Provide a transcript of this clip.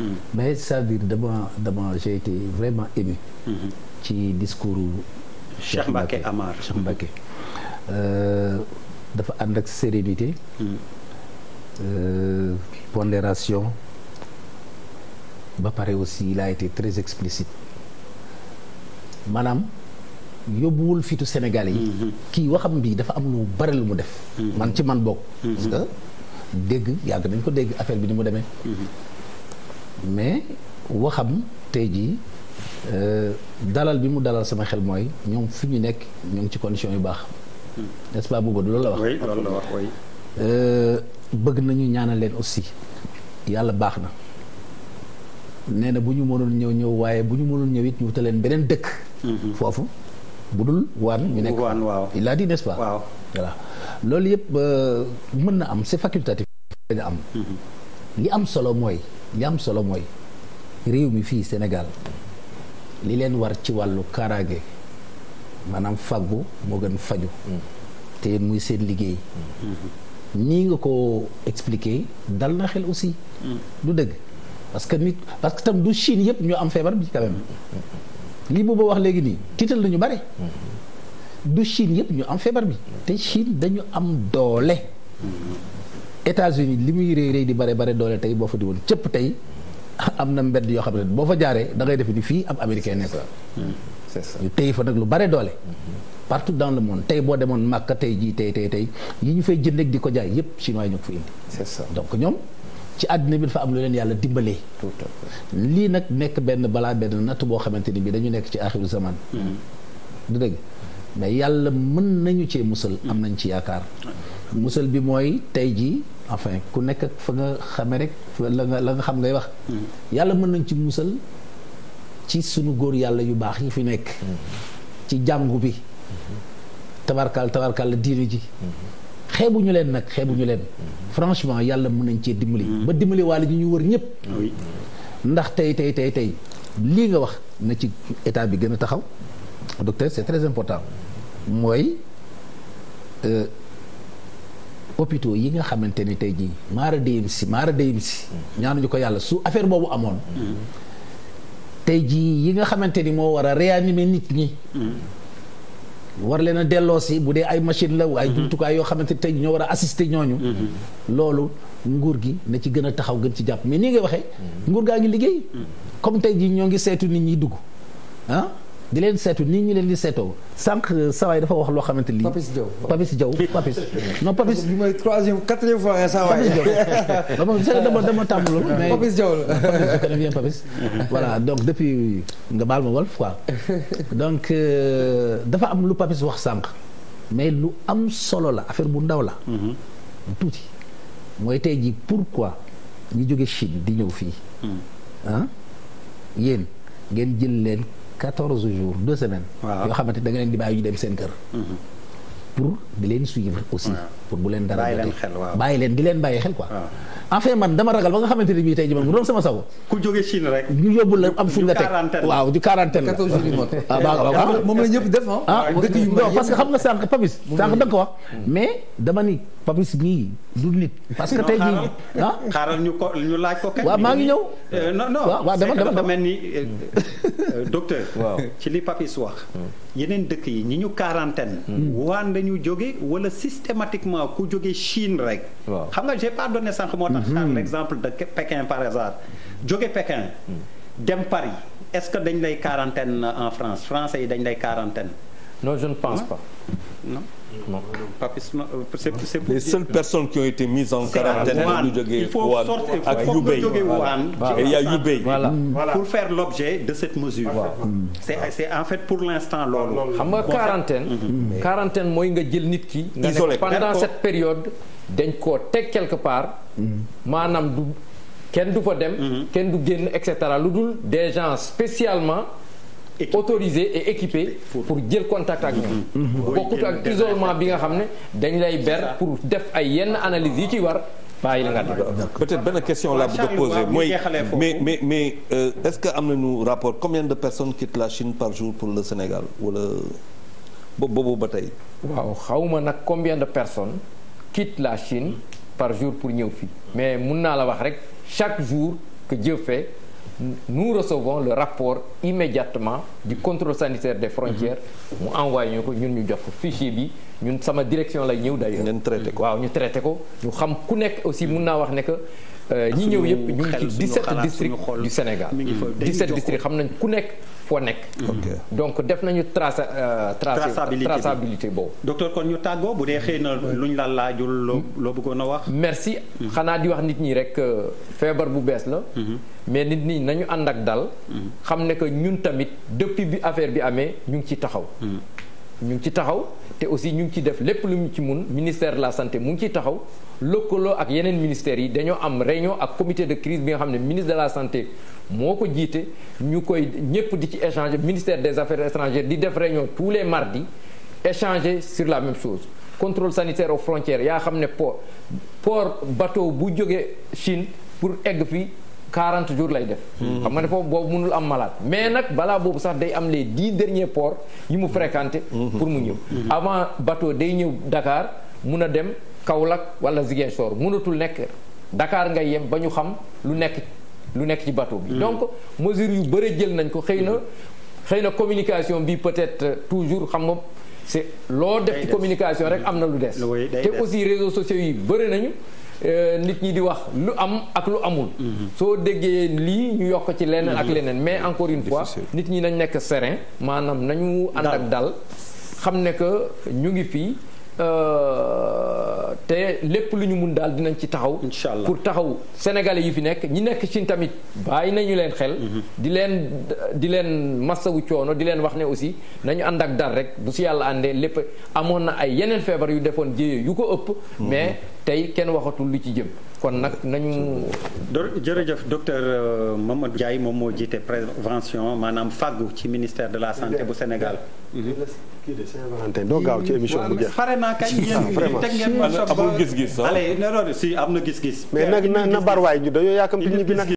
Hmm. mais c'est-à-dire dama dama j'ai été vraiment ému. Hmm. ci discours Cheikh Mbacké Amar Cheikh Mbacké euh, dafa ànd ak sérénité. Hmm. Euh, pondération ba pare aussi il a été très explicite maanaam yóbbuwul fitu Sénégalais yi. Mm -hmm. kii waxam bi dafa am lu bari lu mu def. man ci man bokk. Mm parce que dégg yàgg dañ ko dégg affaire bi ni mu demee. mais waxam tey jii euh, dalal bi mu dalal sama xel mooy ñoom fi ñu nekk ñoo ngi ci condition yu baax. Hmm. n'est-ce pas boobu loolu la wax. oui loolu la wax oui. Euh, bëgg nañu ñaanal leen aussi yàlla baax na nee na bu ñu mënul ñëw ñëw waaye bu ñu mënul ñëw it ñu wutal leen beneen dëkk. Hmm. foofu bu dul waan. ñu nekk waan waaw il a waaw voilà loolu yëpp euh, mën na am c'est facultatif. dañu hmm. li am solo mooy. li solo mooy réew mi fii Sénégal li leen war ci wàllu kaaraange maanaam fàggu moo gën faju te muy seen liggéey nii nga ko expliquer dal na xel aussi du dëgg parce que nit parce que tam du Chine yëpp ñoo am feebar bi quand même lii booba wax léegi nii tiital nañu bare du Chine yëpp ñu am feebar bi te Chine dañu am doole États-Unis li muy réy réy di bare bare doole tey boo fa di woon cëpp am na mbedd yoo xam ne boo fa jaaree da def defe ni fii ab américain nekk hmm. c'est ça ñu tey fa nag lu bare doole partout dans le monde tey boo demoon Màkka tey jii tey tey tey ñu fay jënd ak di ko jaay yépp chinois yi ñoo ko fa indi c'est donc ñoom ci àddina bi dafa am lu leen yàlla dimbalee lii nag nekk benn balaa benn natt boo xamante ni bi dañu nekk ci axiru zaman hmm. du dëgg mais yàlla mën nañu cee musal am nañ ci yaakaar hmm. musal bi mooy tey jii enfin ku nekk ak fa nga xame rek la nga la nga xam ngay wax hmm. yàlla mën nañ ci musal ci sunu góor yàlla yu baax yi fi nekk hmm. ci jàngu bi hmm. tabarkaal tabarkaal la diine ji xeebu ñu leen nag xeebu ñu leen franchement yàlla mën nañ cee dimbali ba dimbali waale ñu ñu wër ñëpp ndax tey tey tey tey lii nga wax na ci état bi gën a taxaw docteur c'est très important mooy euh, hôpitaux yi nga xamante ni tey jii maara deyim si maara deyim si ñaanuñu ko yàlla su affaire boobu amoon tey jii yi nga xamante ni moo war a réanimer nit ñi war leen a delloo si bu dee ay machine la ay jumtukaay yoo xamante tey ñoo war a assisté ñooñu loolu nguur gi na ci gën a taxaw gën ci jàpp mais nii ngay waxee nguur gaa ngi liggéey comme tey jii ñoo ngi seetu nit ñi dugg ah. di leen seetu nii ñu leen di seetoo sànq euh, sawaay dafa wax loo xamante ni. Papis Diaw Papis Diaw Papis. non Papis bi mooy troisième quatrième fois sawaay. Papis Diaw dama Papis Diaw la Papis voilà donc depuis nga baal ma Wolof quoi donc euh, dafa am lu Papis wax sànq mais lu am solo la affaire bu ndaw la. Mhm. tuuti mooy tey jii pourquoi ñu jóge Chine di ñëw fii. Mhm. ah yéen ngeen jël leen. quatorze jours deux semaines. yoo xamante da nga leen di bàyyi ñu dem seen kër. Mm-hmm. pour di leen suivre aussi. pour bu leen dara bàyyi leen di leen bàyyi xel quoi enfin man dama ragal ba nga xamante ni bii tey ji bu doon sama sago ku jóge Chine rek ñu yóbbu la am fuñ la teg waaw da ah, ah. ah, nga ko wax mais dama maa ngi ñëw euh, non non dama dama dafa euh, hmm. euh, ci li papis wax hmm. yeneen dëkk yi ñu quarantaine hmm. waan dañu jóge wala systématiquement moment ku jóge Chine rek. waaw xam nga j'ai pas donné sànq moo tax. par hmm. exemple de Pékin par hasard. jóge Pékin. Hmm. dem Paris est-ce que dañ lay quarantaine en France français dañ lay quarantaine Non, je ne pense non. pas. Non. non. Euh, c'est les seules personnes qui ont été mises en quarantaine ñu jógee Wuhan ak Hubei et il y a Hubei voilà pour faire l'objet de cette mesure c'est c'est en fait pour l'instant loolu xam nga quarantaine mhm. quarantaine mooy nga jël nit ki nga ne pendant cette période dañ koo teg quelque part mhm. maanaam du kenn du fa dem mhm. kenn du génn et cetera lu dul des gens spécialement autorisé et équipé pour jël contact ak ñoom mm-hmm. mm-hmm. bokkut ak isolement bi nga xam ne dañ lay ber pour def ay yenn analyse yi ci war bàyyi la nga peut-être benn question laa bëgg a poser mooy mais mais euh, est-ce que am nañu rapport combien de personnes quittent la Chine par jour pour le Sénégal wala boobu ba tey waaw xawma nag combien de personnes quittent la Chine par jour pour ñëw fii mais mun naa la wax rek chaque jour que Dieu nous recevons le rapport immédiatement di contrôle sanitaire des frontières mhm. mu envoyé ñu ko ñun ñu jox ko fichier bi ñun sama direction lay ñëw day ngeen traité ko waaw ñu traité ko ñu xam ku nekk aussi mun naa wax ne que euh, ñi ñëw yëpp ñu ngi ci 17 districts du Sénégal 17 districts xam nañ ku nekk foo nekk. donc def nañu traça euh, traçabilité boobu. docteur kon ñu tàggoo bu dee xëy na luñ la laajul loo loo bëggoon a wax. merci mm-hmm. xanaa di wax nit ñi rek feebar bu bees la. Mm-hmm. mais nit ñi nañu ànd ak dal. Mm-hmm. xam ne que ñun tamit depuis bi affaire bi amee ñu ngi ci taxaw. ñu ngi ci taxaw. te aussi ñu ngi ci def lépp lu mu ci mun ministère de la santé mu ngi ciy taxaw lëkkaloo ak yeneen ministères yi dañoo am réunion ak comité de crise bi nga xam ne ministre de la santé moo ko jiite ñu koy ñëpp di ci échangé ministère des affaires étrangères di def réunion tous les mardis échanger sur la même chose contrôle sanitaire aux frontières yaa xam ne port poor bateau bu jógee Chine pour egg fii 40 jours lay def. xam nga ne foofu boobu munul am malaat mais nag balaa boobu sax day am les 10 dernier ports yi mu fréquenté. pour mu ñëw avant bateau day ñëw dakaar mun a dem Kaolack wala Ziguinchor munatul nekk dakaar ngay yem ba ñu xam lu nekk lu nekk ci bateau bi. Hmm. donc mesures yu bëre jël nañ ko xëy na xëy na communication bi peut-être toujours xam nga. c'est loo def ci communication rek am na lu dees te aussi réseaux sociaux yi bëri nañu Euh, nit ñi di wax lu am ak lu amul. Mhm. soo déggee lii ñu yokk ci leneen ak mhm. leneen mais encore une fois. nit ñi nañ nekk serein maanaam nañu ànd ak dal xam ne que ñu ngi fii. Euh, te lépp lu ñu mun daal dinañ ci taxaw. incha allah pour taxaw sénégalais yi fi nekk ñi nekk ci tamit bàyyi nañu leen xel. Mhm. di leen di leen masawu coono di leen wax ne aussi nañu ànd ak dar rek bu si yàlla àndee lépp amoon na ay yeneen feebar yu defoon jéye yu ko ëpp. Mhm. mais tey kenn waxatul lu ci jëm. kon nag nañu. jërëjëf docteur euh, Mamadou Ndiaye moom moo jiite prévention maanaam fàggu ci ministère de la santé bu Sénégal. Mhm. Saint-Valentin doo gaaw ci émission bu jeex. pare ma soog ah. na gis-gis. mais nag na na barwaay nag.